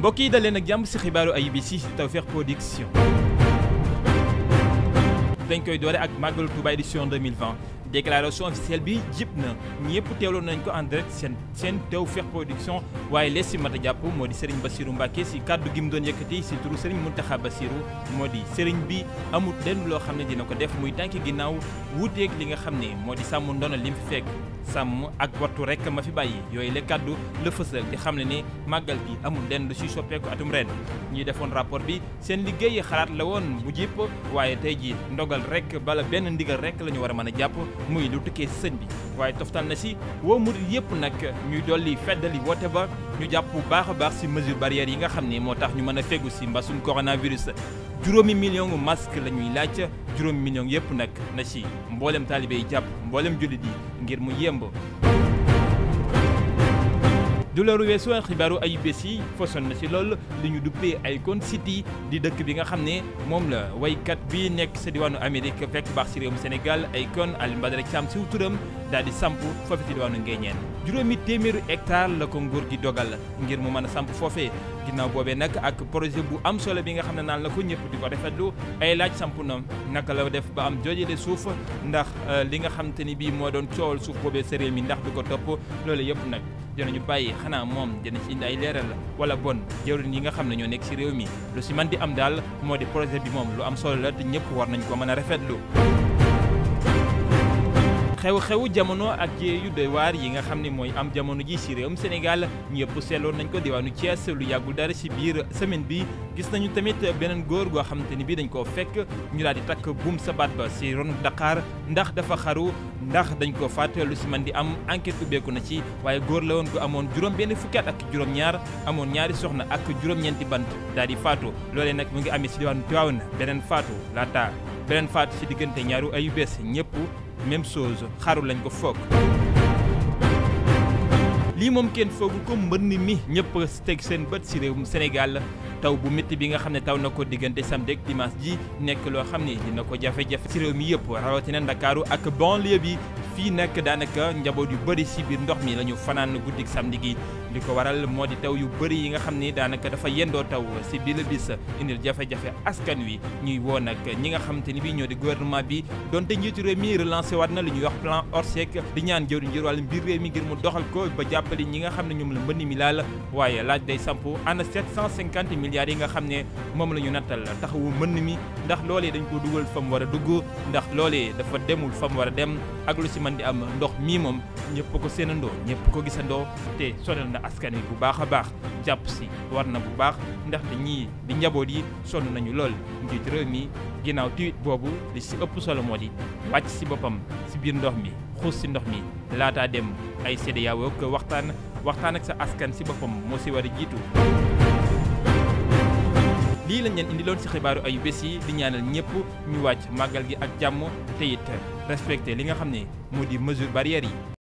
mbokk yi daleen ak jàmm si xibaaru ay yi si Tawfekh Production dañ koy doore ak màggalu Touba édition 2020 déclaration officielle bi jib na ñëpp teewloon nañ ko en direct seen seen fex Production waaye lees si mat jàpp moo di Serigne Bassirou Mbacke si kàddu gi mu doon yëkkati si turu mu Mountakha Bassirou moo di Serigne bi amul lenn loo xam ne dina ko def muy tànki ginnaaw wuuteeg li nga xam ne moo di sàmm ndono li mu fi fekk sàmm ak wattu rek ma fi bàyyi yooyu la kàddu la fësal di xam ne ne màggal gi amul lenn lu si soppeeku atum ren ñuy defoon rapport bi seen liggéey xalaat la woon bu jëpp waaye tey ji ndogal rek bala benn ndigal rek la ñu war a mën a jàpp muy lu tukkee sëñ bi waaye toftal na si woo murit yëpp nag ñuy dolli feddali woote ba ñu jàpp bu baax a baax si mesure barrière yi nga xam ne moo tax ñu mën a fegu si mbasum coronavirus juróomi million masque la ñuy laaj juróomi million yëpp nag na ci mboolem taalibe jàpp mbooleem jullit yi ngir mu yemb du loolu weesu xibaaru ay bés yi façon na si lool li ñu duppee kon siti di dëkk bi nga xam ne moom la waykat bi nekk sa diwaanu Amérique fekk baax si réewum Sénégal Icon Alioune Badara Thiam siw turam daal di samp foofe si diwaanu Ngéñeen juróomi téeméeru hectare la ko nguur gi dogal ngir mu mën a samp foofee ginnaaw boobee nag ak projet bu am solo bi nga xam ne naan la ko ñëpp di ko rafetlu ay laaj samp na naka la def ba am joojale suuf ndax euh, li nga xam ni bii moo doon coowal suuf boobee mi ndax du ko topp loolu yëpp nag dinañu bàyyi xanaa moom dina ci indi ay leeral wala bon jëwriñ yi nga xam ne ñoo nekk ci réew mi lu ci man di am daal moo di projet bi moom lu am solo la te ñëpp war nañ ko mën a rafetlu xew-xewu jamono ak jee yu waar yi nga xam ne mooy am jamono ji ci réewum Sénégal ñëpp seeloon nañ ko diwaanu Thiès lu yàggul dara ci biir semaine bi gis nañu tamit beneen góor goo xamante ni bii dañ koo fekk ñu daal di takk buum sa baat ba ci ronu Dakar ndax dafa xaru ndax dañ ko faat lu ci man di am enquête ubbeeku na ci waaye góor la woon ko amoon juróom benn fukki ak juróom-ñaar amoon ñaari soxna ak juróom-ñeenti bant daal di faatu loolee nag mu ngi amee ci diwaanu Tivaouane beneen faatu laata beneen faatu diggante ñaaru ayu bees ñëpp même chose xaru lañ ko foog lii moom kenn foogu ko mbënn mi ñëpp teg seen bët ci réewum Sénégal taw bu métti bi nga xam ne taw na ko diggante samedi ak ji nekk loo xam ne dina ko jafe-jafe ci réew mi yëpp rawatina Ndakaaru ak banlieue bi fii nekk daanaka njaboot yu bari ci biir ndox mi lañu ñu fanaan guddik samedi gi li ko waral moo di taw yu bëri yi nga xam ni daanaka dafa yendoo taw si bi la bis indil jafe-jafe askan wi ñuy woo nag ñi nga xam te ni bi ñoo di gouvernement bi donte njiitu réew mi relancé waat na li ñuy wax plan Orsec di ñaan jëwriñ ngir wàllum biir réew mi ngir mu doxal ko ba jàppale ñi nga xam ne ñoom la mbënn mi laal waaye laaj day samp ana 750 milliards yi nga xam ne moom la ñu la taxawu mbënn mi ndax loolee dañ ko dugal fa mu war a dugg ndax loolee dafa demul fa mu war a dem ak si mën di am ndox mii moom ñëpp ko séenandoo ñëpp ko gisandoo te askan wi bu baax a baax jàpp si war na bu baax ndaxte ñii di njaboot yi sonn nañu lool njiit réew mi ginnaaw tiwit boobu li si ëpp solo moo di wàcc si boppam si biir ndox mi xuus si ndox mi laataa dem ay CEDEAO ak waxtaan waxtaan ak sa askan si boppam moo si war a jiitu. lii lañ leen indiloon si xibaaru ayu bés yi di ñaanal ñëpp ñu wàcc màggal gi ak jàmm te it respecté li nga xam ne moo di mesure barrière yi.